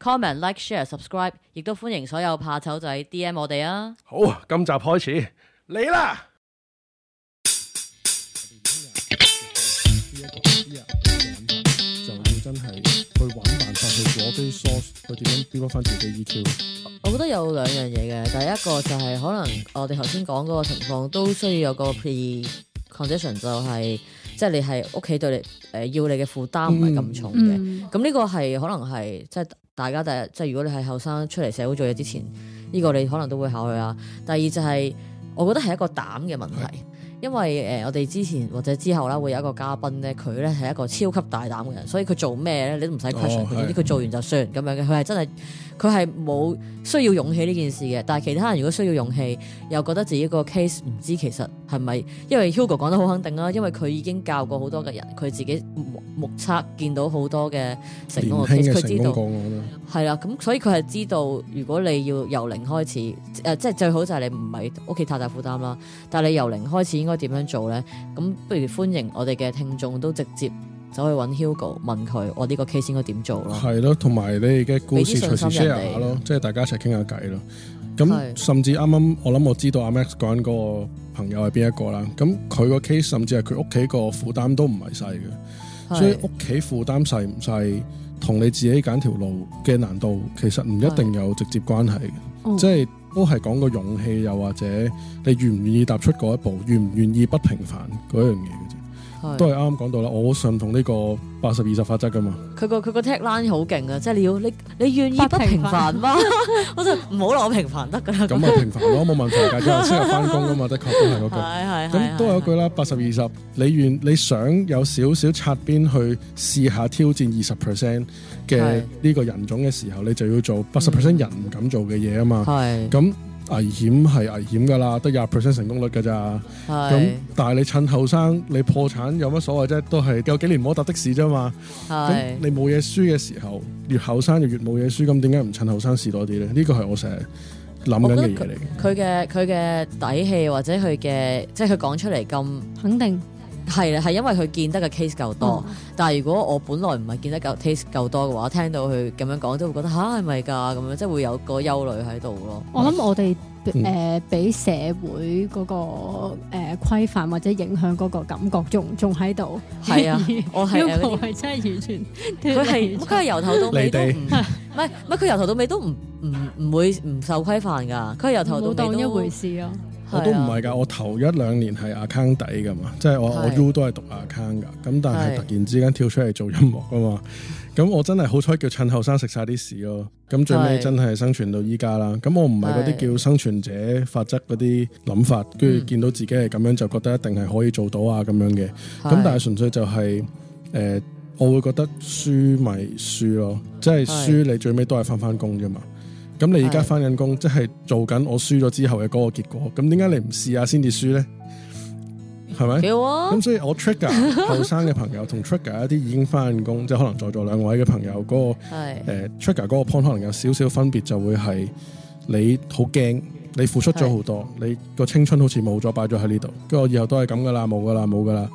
Comment like, share,、Like、Share、Subscribe，亦都歡迎所有怕醜仔 D M 我哋啊！好，今集開始嚟啦！呢一就要真係去揾辦法去攞啲 source，去點樣標翻自己 y o u 我覺得有兩樣嘢嘅，第一個就係可能我哋頭先講嗰個情況都需要有個 precondition，就係即係你係屋企對你誒要你嘅負擔唔係咁重嘅，咁呢、嗯、個係可能係即係。就係大家第一即係如果你係後生出嚟社會做嘢之前，呢個你可能都會考慮啊。第二就係、是、我覺得係一個膽嘅問題，是的 因為誒我哋之前或者之後啦會有一個嘉賓咧，佢咧係一個超級大膽嘅人，所以佢做咩咧你都唔使 question 佢，佢做完就算咁樣嘅，佢係真係。佢係冇需要勇氣呢件事嘅，但係其他人如果需要勇氣，又覺得自己個 case 唔知其實係咪？因為 Hugo 講得好肯定啦，因為佢已經教過好多嘅人，佢自己目測見到好多嘅成功嘅 case，佢知道係啦。咁所以佢係知道，知道如果你要由零開始，誒，即係最好就係你唔係屋企太大負擔啦。但係你由零開始應該點樣做咧？咁不如歡迎我哋嘅聽眾都直接，走去揾 Hugo 問佢：我呢個 case 應該點做咯？係咯，同埋你嘅故事隨時 share 下咯，即係大家一齊傾下偈咯。咁是甚至啱啱我諗我知道阿 Max 講嗰個,個朋友係邊一個啦。咁佢個 case 甚至係佢屋企個負擔都唔係細嘅。是所以屋企負擔細唔細，同你自己揀條路嘅難度其實唔一定有直接關係嘅。是嗯、即係都係講個勇氣，又或者你願唔願意踏出嗰一步，願唔願意不平凡嗰樣嘢。嗯都係啱啱講到啦，我好信奉呢個八十二十法則噶嘛。佢個佢個 tagline 好勁啊，即係你要你你願意不平凡嗎？凡嗎 我就唔好攞平凡得噶啦。咁啊平凡咯，冇 問題，因為適合翻工啊嘛， 的確都係嗰句。係係。咁都係嗰句啦，八十二十，你願你想有少少擦邊去試下挑戰二十 percent 嘅呢個人種嘅時候，是你就要做八十 percent 人唔敢做嘅嘢啊嘛。係是。咁。危險係危險噶啦，得廿 percent 成功率噶咋咁？是但係你趁後生，你破產有乜所謂啫？都係夠幾年唔好搭的士啫嘛。咁是你冇嘢輸嘅時候，越後生就越冇嘢輸。咁點解唔趁後生試多啲咧？呢個係我成日諗緊嘅嘢嚟嘅。佢嘅佢嘅底氣或者佢嘅，即係佢講出嚟咁肯定。係啊，係因為佢見得嘅 case 夠多，但係如果我本來唔係見得夠 case 夠多嘅話，聽到佢咁樣講，都會覺得嚇係咪㗎咁樣，即係會有個憂慮喺度咯。我諗我哋誒俾社會嗰、嗰個誒、呃、規範或者影響嗰個感覺，仲仲喺度。係 啊，我係真係完全，佢係佢係由頭到尾都唔係，唔係佢由頭到尾都唔唔唔會唔受規範㗎。佢由頭到尾都冇當一回事啊。我都唔係㗎，啊、我頭一兩年係 account 底㗎嘛，即、就、係、是、我是我 U 都係讀 account c 㗎，咁但係突然之間跳出嚟做音樂㗎嘛，咁是我真係好彩叫趁後生食晒啲屎咯，咁最尾真係生存到依家啦。咁我唔係嗰啲叫生存者法則嗰啲諗法，跟住見到自己係咁樣就覺得一定係可以做到啊咁樣嘅，咁是但係純粹就係、是、誒、呃，我會覺得輸咪輸咯，即係輸你最尾都係返返工啫嘛。咁你而家翻緊工，是即係做緊我輸咗之後嘅嗰個結果。咁點解你唔試下先至輸咧？係咪？咁 所以我 trigger 後生嘅朋友，同 trigger 一啲已經翻緊工， 即係可能在座兩位嘅朋友嗰、嗰個，誒是、呃、，trigger 嗰個 point 可能有少少分別，就會係你好驚，你付出咗好多，是你個青春好似冇咗擺咗喺呢度，跟住我以後都係咁噶啦，冇噶啦，冇噶啦。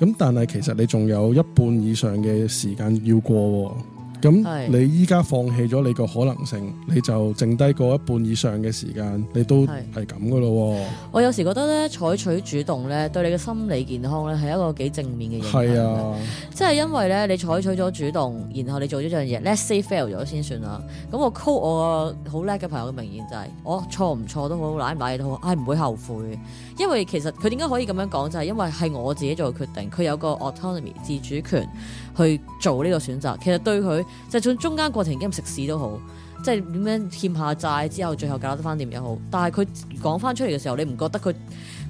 咁但係其實你仲有一半以上嘅時間要過。咁你依家放棄咗你個可能性，你就剩低過一半以上嘅時間，你都係咁噶咯。我有時覺得咧，採取主動咧，對你嘅心理健康咧，係一個幾正面嘅嘢，係啊，即係因為咧，你採取咗主動，然後你做咗樣嘢，let's say fail 咗先算啦。咁我 call 我好叻嘅朋友嘅名言就係：我錯唔錯都好，賴唔賴都好，係、哎、唔會後悔。因為其實佢點解可以咁樣講，就係因為係我自己做決定，佢有個 autonomy 自主權去做呢個選擇。其實對佢。就算中間過程已經食屎都好，即係點樣欠下債之後，最後搞得翻掂又好。但係佢講翻出嚟嘅時候，你唔覺得佢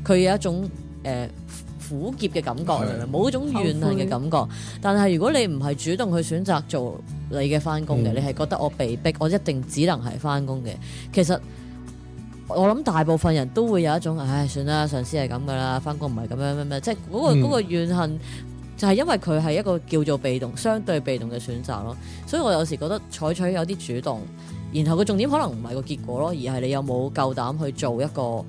佢有一種誒苦澀嘅感覺嚟嘅，冇的種怨恨嘅感覺。後悔 但係如果你唔係主動去選擇做你嘅翻工嘅，嗯、你係覺得我被逼，我一定只能係翻工嘅。其實我諗大部分人都會有一種唉，算啦，上司係咁噶啦，翻工唔係咁樣咩咩，即係嗰、嗰個、嗯、個怨恨。就係因為佢係一個叫做被動、相對被動嘅選擇咯，所以我有時覺得採取有啲主動，然後個重點可能唔係個結果咯，而係你有冇夠膽去做一個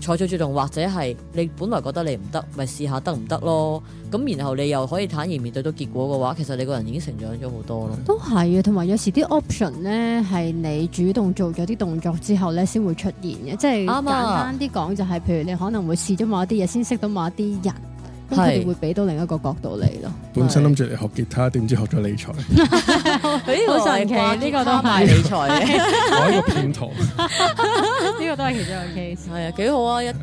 採取主動，或者係你本來覺得你唔得，咪試下得唔得咯？咁然後你又可以坦然面對到結果嘅話，其實你個人已經成長咗好多咯。都係啊，同埋有時啲 option 咧係你主動做咗啲動作之後咧先會出現嘅，即係簡單啲講就係，譬吧如你可能會試咗某一啲嘢，先識到某一啲人。咁佢哋會俾到另一個角度嚟咯。是本身諗住嚟學吉他，點知學咗理財。咦！好神奇，呢 個都賣理財嘅。我一個騙徒，呢個都係其中一個 case。係啊，幾好啊！一誒，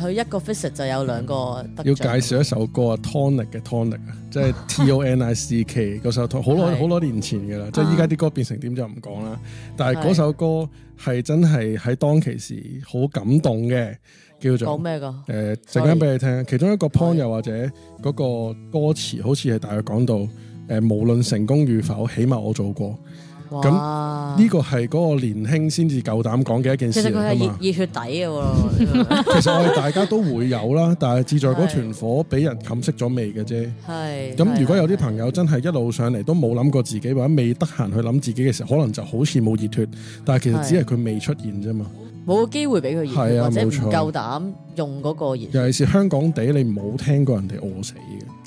佢一個 visit 就有兩個得獎。要介紹一首歌啊 Tonic 嘅 Tonic 啊。即係 Tonic 個首歌好耐好多年前嘅啦。即係依家啲歌變成點就唔講啦。但係嗰首歌係真係喺當其時好感動嘅，叫做講咩噶？誒，陣間俾你聽。以其中一個 point 又或者嗰個歌詞，好似係大約講到誒，無論成功與否，起碼我做過。咁呢個係嗰個年輕先至夠膽講嘅一件事。佢係熱吧熱血底嘅、啊、 其實我哋大家都會有啦，但係志在嗰團火俾人冚熄咗未嘅啫。係是。咁如果有啲朋友真係一路上嚟都冇諗過自己或者未得閒去諗自己嘅時候，可能就好似冇熱血，但係其實只係佢未出現啫嘛。冇個是機會俾佢熱血，啊、或者唔夠膽用嗰個熱。尤其是香港地，你冇聽過人哋餓死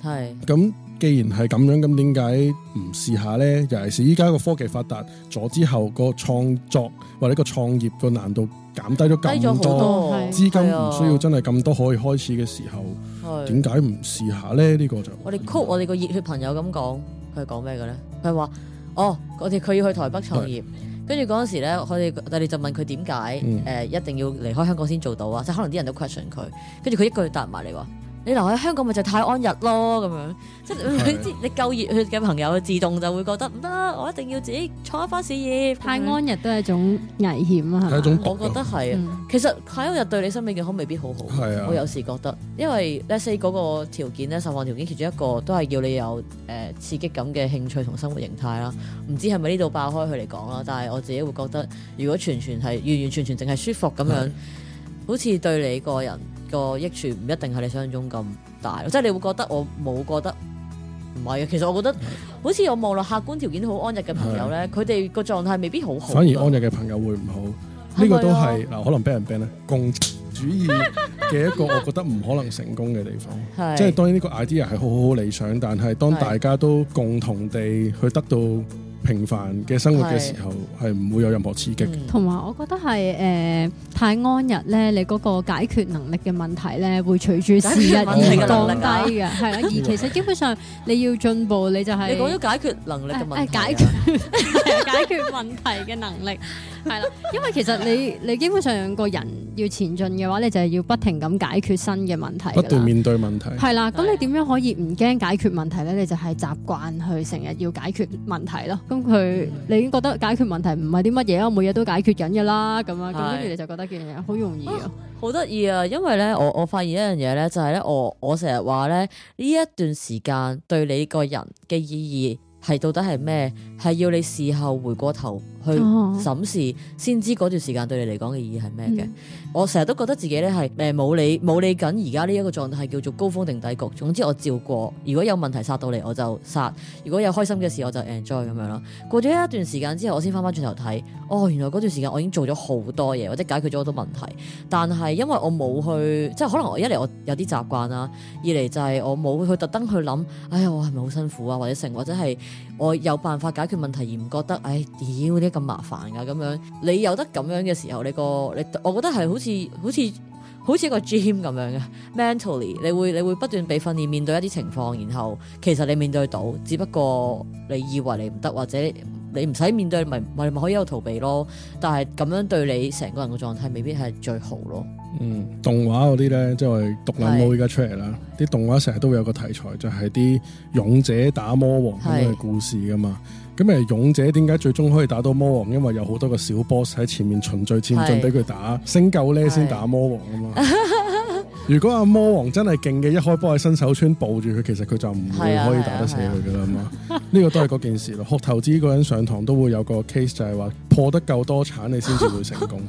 嘅。係是。咁。既然係咁樣，咁點解唔試下咧？尤其是依家個科技發達咗之後，個創作或者個創業個難度減低咗好多，資金唔需要真係咁多可以開始嘅時候，點解唔試下咧？呢的個就我哋 call 我哋個熱血朋友咁講，佢係講咩嘅咧？佢話哦，我哋佢要去台北創業，跟住嗰陣時咧，我哋但你就問佢點解誒一定要離開香港先做到啊？即係、嗯、可能啲人都 question 佢，跟住佢一句答埋你話。你留喺香港咪就太安逸咯，咁樣即係你夠熱血嘅朋友自動就會覺得，唔得，我一定要自己創一番事業。太安逸都係一種危險啊，係咪？我覺得係啊，嗯、其實太安逸對你生命健康未必好好。係是啊。我有時覺得，因為 s s 嗰個條件咧，受放條件其中一個都係要你有誒刺激感嘅興趣同生活形態啦。唔知係咪呢度爆開佢嚟講啦，但係我自己會覺得，如果全全係完完全全淨係舒服咁樣，是啊、好似對你個人。個益處唔一定係你想像中咁大，即係你會覺得我冇覺得唔係啊。其實我覺得好似我望落客觀條件好安逸嘅朋友咧，佢哋個狀態未必好好。反而安逸嘅朋友會唔好，呢個都係嗱，可能俾人俾咧共主義嘅一個，我覺得唔可能成功嘅地方。係，即係當然呢個 idea 係好好理想，但係當大家都共同地去得到。平凡嘅生活嘅時候，係唔是會有任何刺激嘅。同埋、嗯，我覺得係誒太安逸咧，你嗰個解決能力嘅問題咧，會隨住時日而降低嘅。係啦、啊， 而其實基本上你要進步，你就係、是、你講咗解決能力嘅問題、啊，解決解決問題嘅能力。 係啦，因為其實你你基本上個人要前進嘅話，你就係要不停咁解決新嘅問題，不斷面對問題。係啦了，咁了你點樣可以唔驚解決問題咧？你就係習慣去成日要解決問題咯。咁佢了你已經覺得解決問題唔係啲乜嘢啊，我每嘢都解決緊嘅啦，咁樣咁跟住你就覺得件嘢好容易啊，啊好得意啊。因為咧，我我發現一樣嘢咧，就係咧，我我成日話咧，呢一段時間對你個人嘅意義係到底係咩？係要你事後回過頭。去審視先知嗰段時間對你嚟講嘅意義係咩嘅？嗯、我成日都覺得自己咧係誒冇理冇理緊而家呢一個狀態叫做高峰定低谷。總之我照過，如果有問題殺到嚟我就殺；如果有開心嘅事我就 enjoy 咁樣啦。過咗一段時間之後，我先翻翻轉頭睇，哦，原來嗰段時間我已經做咗好多嘢，或者解決咗好多問題。但係因為我冇去，即係可能我一嚟我有啲習慣啦，二嚟就係我冇去特登去諗，哎呀我係咪好辛苦啊？或者成或者係我有辦法解決問題而唔覺得，哎屌呢？咁麻煩噶，咁樣你有得咁樣嘅時候，你個你，我覺得係好似好似好似一個 gym 咁樣嘅 ，mentally 你會你會不斷俾訓練面對一啲情況，然後其實你面對到，只不過你以為你唔得，或者你唔使面對，咪咪咪可以有逃避咯。但係咁樣對你成個人嘅狀態，未必係最好咯。嗯，動畫嗰啲咧，即係我哋獨領舞依家出嚟啦，啲是動畫成日都會有個題材，就係、是、啲勇者打魔王咁嘅故事噶嘛。咁誒，而勇者點解最終可以打到魔王？因為有好多個小 boss 喺前面循序漸進俾佢打，是升夠咧先打魔王啊嘛。是 如果阿魔王真係勁嘅，一開波喺新手村抱住佢，其實佢就唔會可以打得死佢噶啦嘛。呢、啊啊啊、個都係嗰件事咯。學投資嗰人上堂都會有個 case 就係話。破得夠多產，你先至會成功。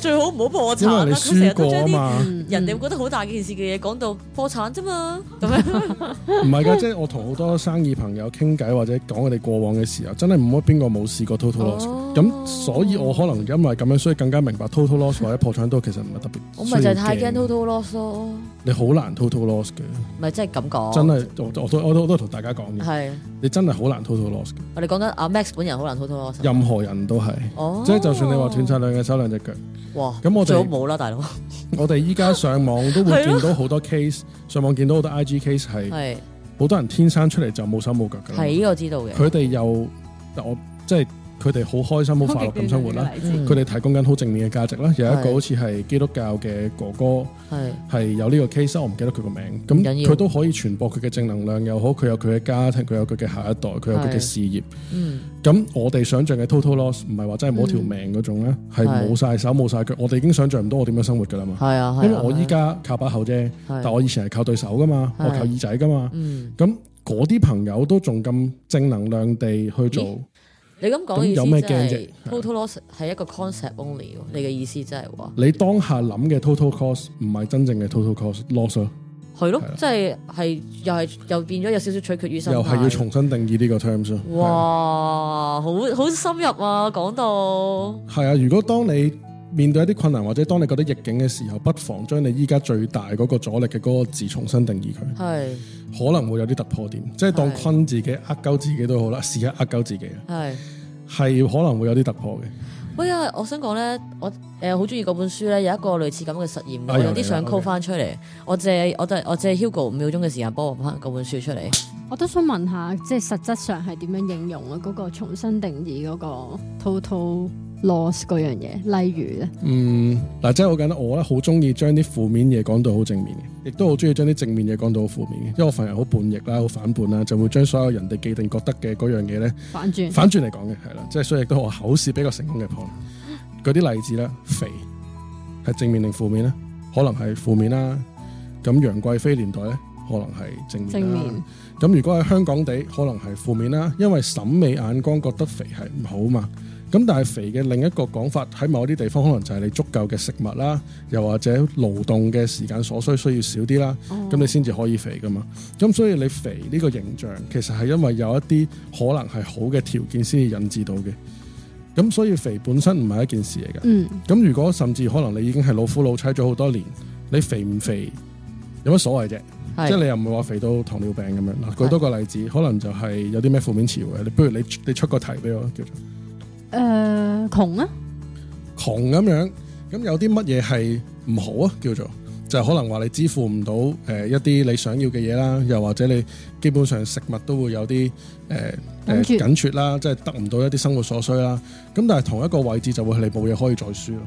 最好唔好破產。因為你輸過啊嘛，人哋會覺得好大件事嘅嘢，講到破產啫嘛。唔係噶，即係我同好多生意朋友傾偈或者講我哋過往嘅時候，真係冇邊個冇試過 total loss。咁所以，我可能因為咁樣，所以更加明白 total loss 或者破產都其實唔係特別。我咪就係太驚 total loss 咯。你好難 total loss 嘅。唔係即係咁講。真係我我都我都我都同大家講嘅。係。你真係好難 total loss。我哋講緊阿 Max 本人好難 total loss。任何人都係。哦，即係就算你話斷晒兩隻手兩隻腳，哇！咁我哋都冇啦，大佬。 我哋依家上網都會見到好多 case， 的上網見到好多 IG case 係，係好的多人天生出嚟就冇手冇腳㗎。係呢個知道嘅，佢哋又我即係。就是佢哋好開心、好快樂咁生活啦，佢哋提供緊好正面嘅價值啦。有一個好似係基督教嘅哥哥，係係有呢個 case，我唔記得佢個名。咁佢都可以傳播佢嘅正能量又好，佢有佢嘅家庭，佢有佢嘅下一代，佢有佢嘅事業。咁我哋想象嘅 total loss 唔係話真係冇條命嗰種咧，係冇晒手冇晒腳。我哋已經想象唔到我點樣生活噶啦嘛。係啊，因為我依家靠把口啫，但我以前係靠對手噶嘛，我靠耳仔噶嘛。咁嗰啲朋友都仲咁正能量地去做。你咁講，有咩驚啫 total loss 係一個 concept only。你嘅意思即係話。你當下諗嘅 total cost 唔係真正嘅 total cost loss。係咯的，的即係係又係又變咗有少少取決於心。又係要重新定義呢個 terms。哇，的好好深入啊，講到。係啊、嗯，如果當你。面對一啲困難或者當你覺得逆境嘅時候，不妨將你依家最大嗰個阻力嘅嗰個字重新定義佢，是可能會有啲突破點。是即係當坤自己、呃鳩自己都好啦，試下呃鳩自己啦，係係是可能會有啲突破嘅。喂啊，我想講咧，我誒好中意嗰本書咧，有一個類似咁嘅實驗，呦我有啲想 call 翻出嚟、okay.。我借我借我借 Hugo 五秒鐘嘅時間幫我拍嗰本書出嚟。我都想問下，即係實質上係點樣應用啊？嗰、那個重新定義嗰個 total loss 嗰樣嘢，例如咧，嗯，嗱，真係好簡單。我咧好中意將啲負面嘢講到好正面嘅，亦都好中意將啲正面嘢講到好負面嘅，因為我份人好叛逆啦，好反叛啦，就會將所有人哋既定覺得嘅嗰樣嘢咧，反轉，反轉嚟講嘅係啦，即係所以亦都我口試比較成功嘅 point。嗰啲例子咧，肥係正面定負面咧，可能係負面啦。咁楊貴妃年代咧，可能係正面，正面。咁如果喺香港地，可能係負面啦，因為審美眼光覺得肥係唔好嘛。咁但係肥嘅另一個講法，喺某啲地方可能就係你足夠嘅食物啦，又或者勞動嘅時間所需需要少啲啦，咁、哦、你先至可以肥噶嘛咁所以你肥呢個形象，其實係因為有一啲可能係好嘅條件先至引致到嘅。咁所以肥本身唔係一件事嚟噶咁、嗯、如果甚至可能你已經係老夫老妻咗好多年，你肥唔肥有乜所謂啫？是即係你又唔會話肥到糖尿病咁樣嗱。舉多個例子，可能就係有啲咩負面詞嘅。你不如你你出個題俾我，叫做。誒，窮、uh, 啊，窮咁樣，咁有啲乜嘢係唔好啊？叫做就係、可能話你支付唔到誒一啲你想要嘅嘢啦，又或者你基本上食物都會有啲誒緊缺啦，即、就、係、是、得唔到一啲生活所需啦。咁但係同一個位置就會係你冇嘢可以再輸咯。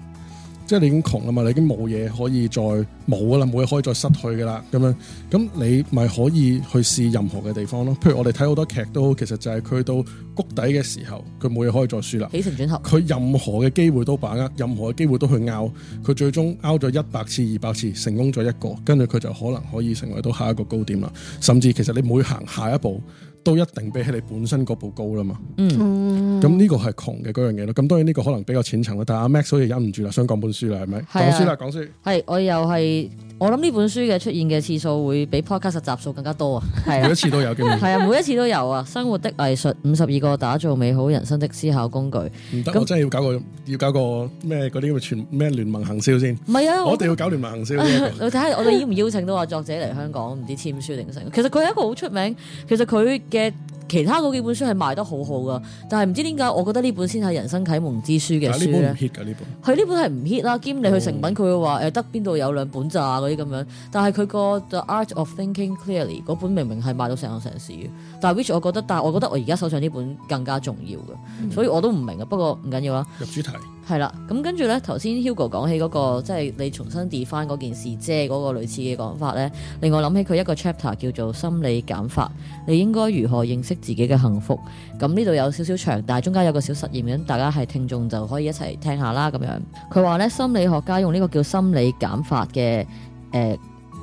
即係你已經窮啦嘛，你已經冇嘢可以再冇啦，冇嘢可以再失去噶啦，咁樣咁你咪可以去試任何嘅地方咯。譬如我哋睇好多劇都，其實就係佢到谷底嘅時候，佢冇嘢可以再輸啦。起承轉合，佢任何嘅機會都把握，任何嘅機會都去拗，佢最終拗咗一百次、二百次，成功咗一個，跟住佢就可能可以成為到下一個高點啦。甚至其實你每行下一步，都一定比起你本身嗰部高啦嘛，咁呢、嗯、個係窮嘅嗰樣嘢咯。咁當然呢個可能比較淺層咯，但係阿 Max 所以忍唔住啦，想講本書啦，係咪？啊、講書啦，講書。係，我又係。我諗呢本書嘅出現嘅次數會比 Podcast 集數更加多啊，係 啊，每一次都有嘅，係啊，每一次都有啊。生活的藝術，五十二個打造美好人生的思考工具。唔得行，那我真係要搞個要搞個咩嗰啲咁全咩聯盟行銷先，唔係啊，我哋要搞聯盟行銷，你睇下我哋邀唔邀請到啊作者嚟香港，唔知簽書定成。其實佢係一個好出名，其實佢嘅。其他嗰幾本書係賣得好好噶，但係唔知點解，我覺得呢本先係人生啟蒙之書嘅書，唔 hit 噶呢本，係呢本係唔 hit 啦，兼你去成品佢，oh。會話誒得邊度有兩本咋嗰啲咁樣。但係佢個 The Art of Thinking Clearly 嗰本明明係賣到成城市成個城市嘅。但係 which 我覺得，但我覺得我而家手上呢本更加重要嘅。嗯、所以我都唔明啊。不過唔緊要啦。入主題。係啦，咁、嗯、跟住呢，頭先 Hugo 講起嗰、那個即係你重新 define 嗰件事，即係嗰個類似嘅講法呢。令我諗起佢一個 chapter 叫做心理減法，你應該如何認識自己嘅幸福？咁呢度有少少長，但係中間有個小實驗咁，大家係聽眾就可以一齊聽一下啦咁樣。佢話呢，心理學家用呢個叫心理減法嘅誒、呃、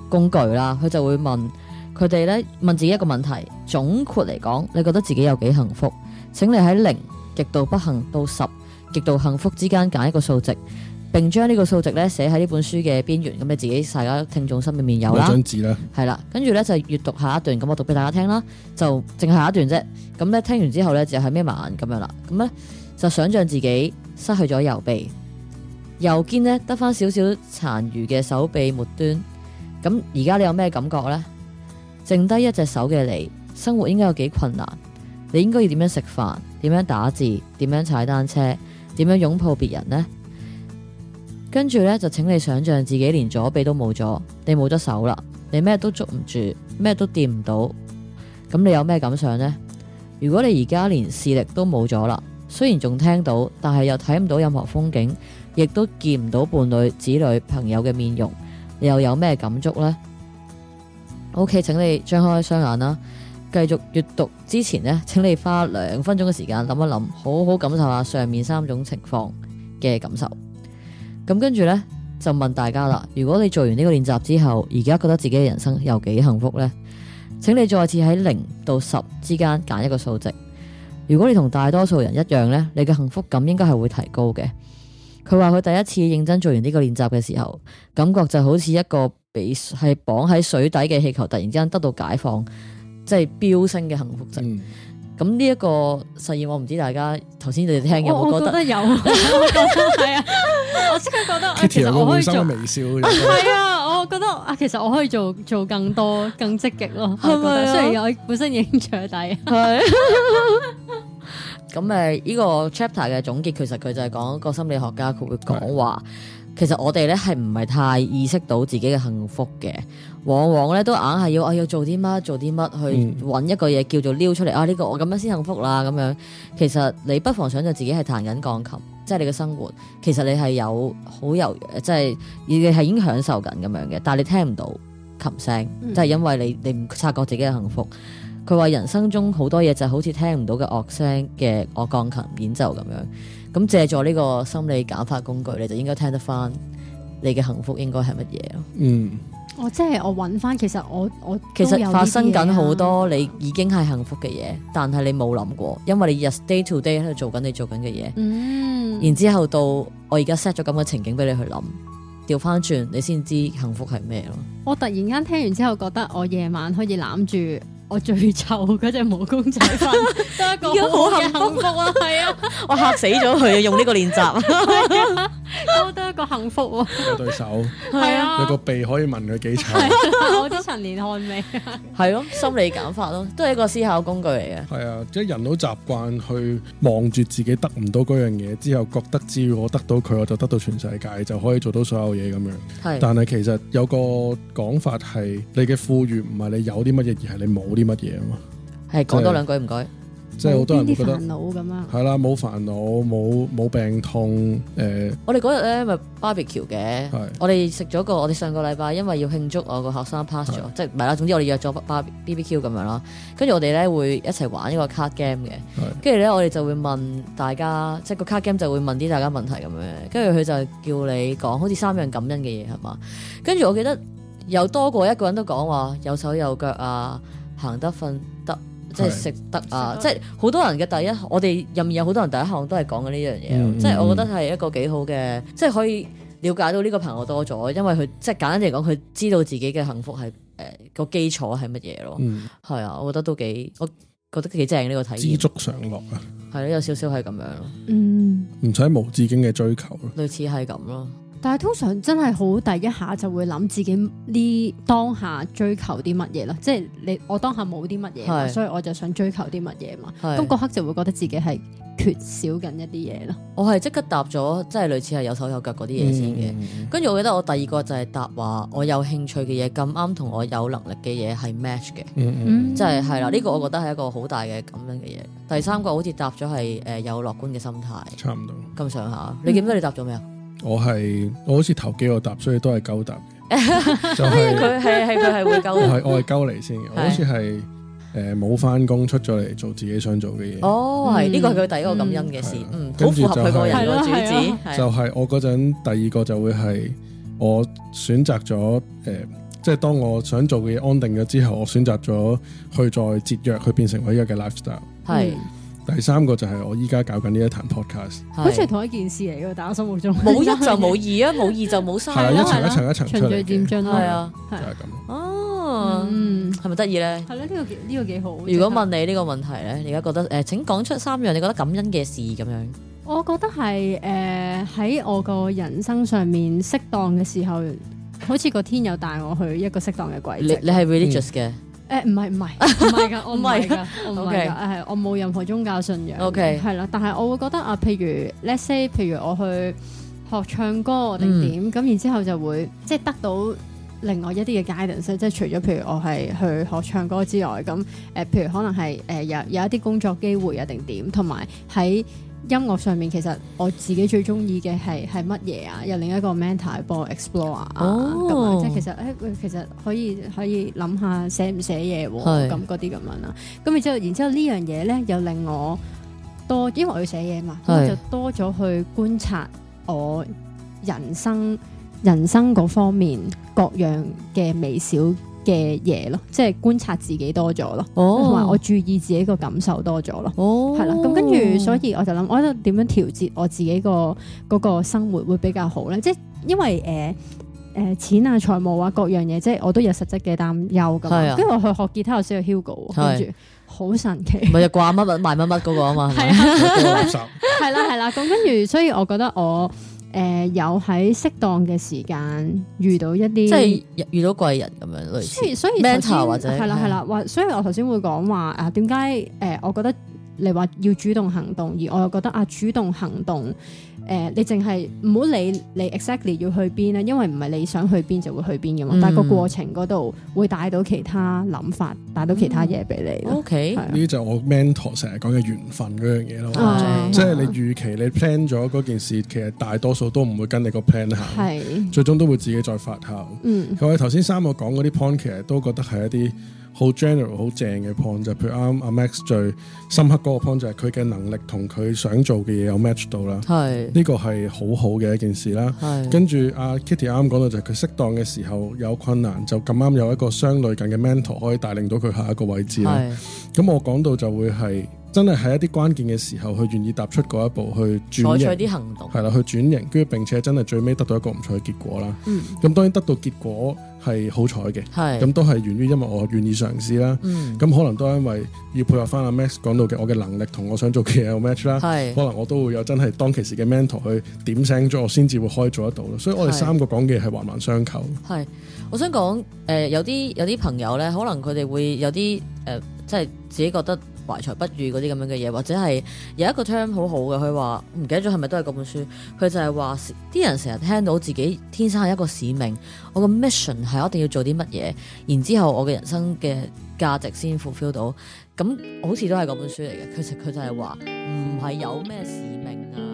工具啦，佢就會問佢哋呢：「問自己一個問題，總括嚟講，你覺得自己有幾幸福？請你喺零極度不幸到十極度幸福之間揀一個數值，並將呢個數值咧寫喺呢本書嘅邊緣。咁你自己，大家聽眾心裏面有啦。寫張紙啦，係啦，跟住咧就閱讀下一段。咁我讀俾大家聽啦，就淨係下一段啫。咁咧聽完之後咧就係咩漫咁樣啦。咁咧就想象自己失去咗右臂，右肩呢，得翻少少殘餘嘅手臂末端。咁而家你有咩感覺呢？剩低一隻手嘅你，生活應該有幾困難？你應該要點樣食飯？點樣打字？點樣踩單車？點樣擁抱別人呢？跟住咧就請你想象自己連左臂都冇咗，你冇得手啦，你咩都捉唔住，咩都掂唔到，咁你有咩感想呢？如果你而家連視力都冇咗啦，雖然仲聽到，但係又睇唔到任何風景，亦都見唔到伴侶、子女、朋友嘅面容，你又有咩感觸呢？OK，請你張開雙眼啦。繼續閱讀之前呢，請你花兩分鐘嘅時間諗一諗，好好感受下上面三種情況嘅感受。咁跟住呢，就問大家啦，如果你做完呢個練習之後，而家覺得自己嘅人生有幾幸福呢？請你再次喺零到十之間揀一個數值。如果你同大多數人一樣呢，你嘅幸福感應該係會提高嘅。佢話佢第一次認真做完呢個練習嘅時候，感覺就好似一個被繫綁喺水底嘅氣球，突然之間得到解放。即係飆升嘅幸福值，咁呢一個實驗我唔知大家頭先你哋聽嘅，我覺得有，係啊，我即刻覺得，其實我可以做微笑，係啊，我覺得啊，其實我可以做做更多更積極咯，係咪啊？雖然我本身影長底，係，咁誒呢個 chapter 嘅總結，其實佢就係講一個心理學家佢會講話，其實我哋咧係唔係太意識到自己嘅幸福嘅。往往咧都硬係要我，啊，要做啲乜做啲乜去揾一個嘢叫做撩出嚟，嗯、啊呢，個我咁樣先幸福啦咁樣，其實你不妨想象自己係彈緊鋼琴，即係你嘅生活，其實你係有好有即係你係已經享受緊咁樣嘅，但係你聽唔到琴聲，即係，嗯、因為你你唔察覺自己嘅幸福。佢話人生中好多嘢就好似聽唔到嘅樂聲嘅我鋼琴演奏咁樣，咁借助呢個心理減法工具，你就應該聽得翻你嘅幸福應該係乜嘢咯。嗯。我即係我揾翻，其實我我其實發生緊好多你已經係幸福嘅嘢，但係你冇諗過，因為你日 day to day 喺度做緊你做緊嘅嘢。嗯。然之後到我而家 set 咗咁嘅情景俾你去諗，調翻轉你先知幸福係咩咯？我突然間聽完之後，覺得我夜晚可以攬住我最臭嗰隻毛公仔，翻得 一個好幸福啊！係啊，我嚇死咗佢啊，用呢個練習。個幸福、啊，有對手，係是啊，有個鼻可以聞佢幾臭，我啲陳年汗味啊，係咯，心理減法咯，都係一個思考工具嚟嘅。係啊，即係人都習慣去望住自己得唔到嗰樣嘢之後，覺得只要我得到佢，我就得到全世界，就可以做到所有嘢咁樣。係是，但係其實有個講法係，你嘅富裕唔係你有啲乜嘢，而係你冇啲乜嘢啊嘛。係，講多兩句唔該。就是即係好多人覺得係啦，冇煩惱，冇冇病痛，誒、呃是！我哋嗰日咧咪 barbecue 嘅，我哋食咗個我哋上個禮拜因為要慶祝我個學生 pass 咗，是即係唔係啦，總之我哋約咗 BBQ 咁樣啦，跟住我哋咧會一齊玩一個 card game 嘅，跟住咧我哋就會問大家，即係個 card game 就會問啲大家問題咁樣，跟住佢就叫你講，好似三樣感恩嘅嘢係嘛，跟住我記得有多過一個人都講話有手有腳啊，行得瞓。即係食得啊！的即係好多人嘅第一，我哋入面有好多人第一項都係講緊呢樣嘢，嗯、即係我覺得係一個幾好嘅，即係可以了解到呢個朋友多咗，因為佢即係簡單嚟講，佢知道自己嘅幸福係誒、呃那個基礎係乜嘢咯。係啊、嗯，我覺得都幾我覺得幾正呢、這個體驗，知足常樂啊，係咯，有少少係咁樣，嗯，唔使無止境嘅追求咯，類似係咁咯。但係通常真係好第一下就會諗自己呢，當下追求啲乜嘢咯，即係你我當下冇啲乜嘢，是所以我就想追求啲乜嘢嘛。咁嗰是刻就會覺得自己係缺少緊一啲嘢咯。我係即刻答咗，即係類似係有手有腳嗰啲嘢先嘅。跟住，mm hmm. 我記得我第二個就係答話我有興趣嘅嘢咁啱同我有能力嘅嘢係 match 嘅，即係係啦。呢，hmm. 就是這個我覺得係一個好大嘅咁樣嘅嘢。第三個好似答咗係誒有樂觀嘅心態，差唔多咁上下。你記得你答咗咩啊？我係我好似頭幾個答，所以都係鳩答。就係佢係係佢係會鳩。我係我係鳩嚟先，我好似係誒冇翻工出咗嚟做自己想做嘅嘢。哦，係呢個係佢第一個感恩嘅事，嗯，好符合佢個人嘅主旨。就係我嗰陣第二個就會係我選擇咗誒，即係當我想做嘅嘢安定咗之後，我選擇咗去再節約，去變成我依家嘅 lifestyle。係。第三個就係我依家搞緊呢一壇 podcast，好似係同一件事嚟嘅，大家心目中冇一就冇二啊，冇二就冇三啊，一層一層一層出嚟，循序漸進係啊，就係咁。哦，係咪得意咧？係呢個幾呢個幾好。如果問你呢個問題咧，而家覺得誒，請講出三樣你覺得感恩嘅事咁樣。我覺得係誒喺我個人生上面適當嘅時候，好似個天又帶我去一個適當嘅軌跡。你係 religious 嘅？誒，唔係唔係，唔係噶，我唔係噶，我唔係噶，誒，我冇任何宗教信仰，O K，係啦，但係我會覺得啊，譬如，Let's say，譬如我去學唱歌定點，咁、嗯、然之後就會即係得到另外一啲嘅 guidance，即係除咗譬如我係去學唱歌之外，咁誒，譬如可能係誒、呃、有有一啲工作機會啊定點，同埋喺音樂上面其實我自己最中意嘅係係乜嘢啊？又另一個 mentor 幫我 explore 啊、oh.，咁即係其實誒、哎，其實可以可以諗下寫唔寫嘢喎，咁嗰啲咁樣啦。咁然之後，然之後，然後呢樣嘢咧又令我多，因為我要寫嘢嘛，我、oh. 就多咗去觀察我人生人生嗰方面各樣嘅微小。嘅嘢咯，即係觀察自己多咗咯，同埋、oh. 我注意自己個感受多咗咯，係啦、oh.。咁跟住，所以我就諗，我喺度點樣調節我自己個嗰、那個生活會比較好咧？即係因為誒誒、呃、錢啊、財務啊各樣嘢，即係我都有實質嘅擔憂噶嘛。跟住、啊、我去學吉他，我需要 Hugo，跟住好神奇，咪就掛乜乜賣乜乜嗰個啊嘛，係啦係啦。咁跟住，所以我覺得我。誒、呃、有喺適當嘅時間遇到一啲，即係遇到貴人咁樣類似，所以所以或者係啦係啦，或所以我頭先會講話誒點解誒？我覺得你話要主動行動，而我又覺得啊主動行動。誒、呃，你淨係唔好理你 exactly 要去邊咧，因為唔係你想去邊就會去邊嘅嘛。嗯、但係個過程嗰度會帶到其他諗法，帶、嗯、到其他嘢俾你。O K，呢啲就我 mentor 成日講嘅緣分嗰樣嘢咯。即係、哎、你預期你 plan 咗嗰件事，其實大多數都唔會跟你個 plan 行，是最終都會自己再發酵。嗯，我哋頭先三個講嗰啲 point，其實都覺得係一啲。好 general 好正嘅 point 就譬如啱啱阿 Max 最深刻嗰個 point 就係佢嘅能力同佢想做嘅嘢有 match 到啦，呢個係好好嘅一件事啦。是跟住阿 Kitty 啱啱講到就係佢適當嘅時候有困難就咁啱有一個相類近嘅 mentor 可以帶領到佢下一個位置啦。咁是我講到就會係。真係喺一啲關鍵嘅時候，佢願意踏出嗰一步去轉，採取啲行動，係啦，去轉型，跟住並且真係最尾得到一個唔錯嘅結果啦。咁、嗯、當然得到結果係好彩嘅，咁是都係源於因為我願意嘗試啦。咁、嗯、可能都係因為要配合翻阿 Max 講到嘅，我嘅能力同我想做嘅嘢 match 啦是。係，可能我都會有真係當其時嘅 mentor 去點醒咗，我先至會開做得到咯。所以我哋三個講嘅嘢係環環相扣。係，我想講誒、呃，有啲有啲朋友咧，可能佢哋會有啲誒。呃即係自己覺得懷才不遇啲咁樣嘅嘢，或者係有一個 term 好好嘅，佢話唔記得咗係咪都係本書，佢就係話啲人成日聽到自己天生係一個使命，我個 mission 係一定要做啲乜嘢，然之後我嘅人生嘅價值先 fulfill 到。咁好似都係本書嚟嘅。其實佢就係話唔係有咩使命啊。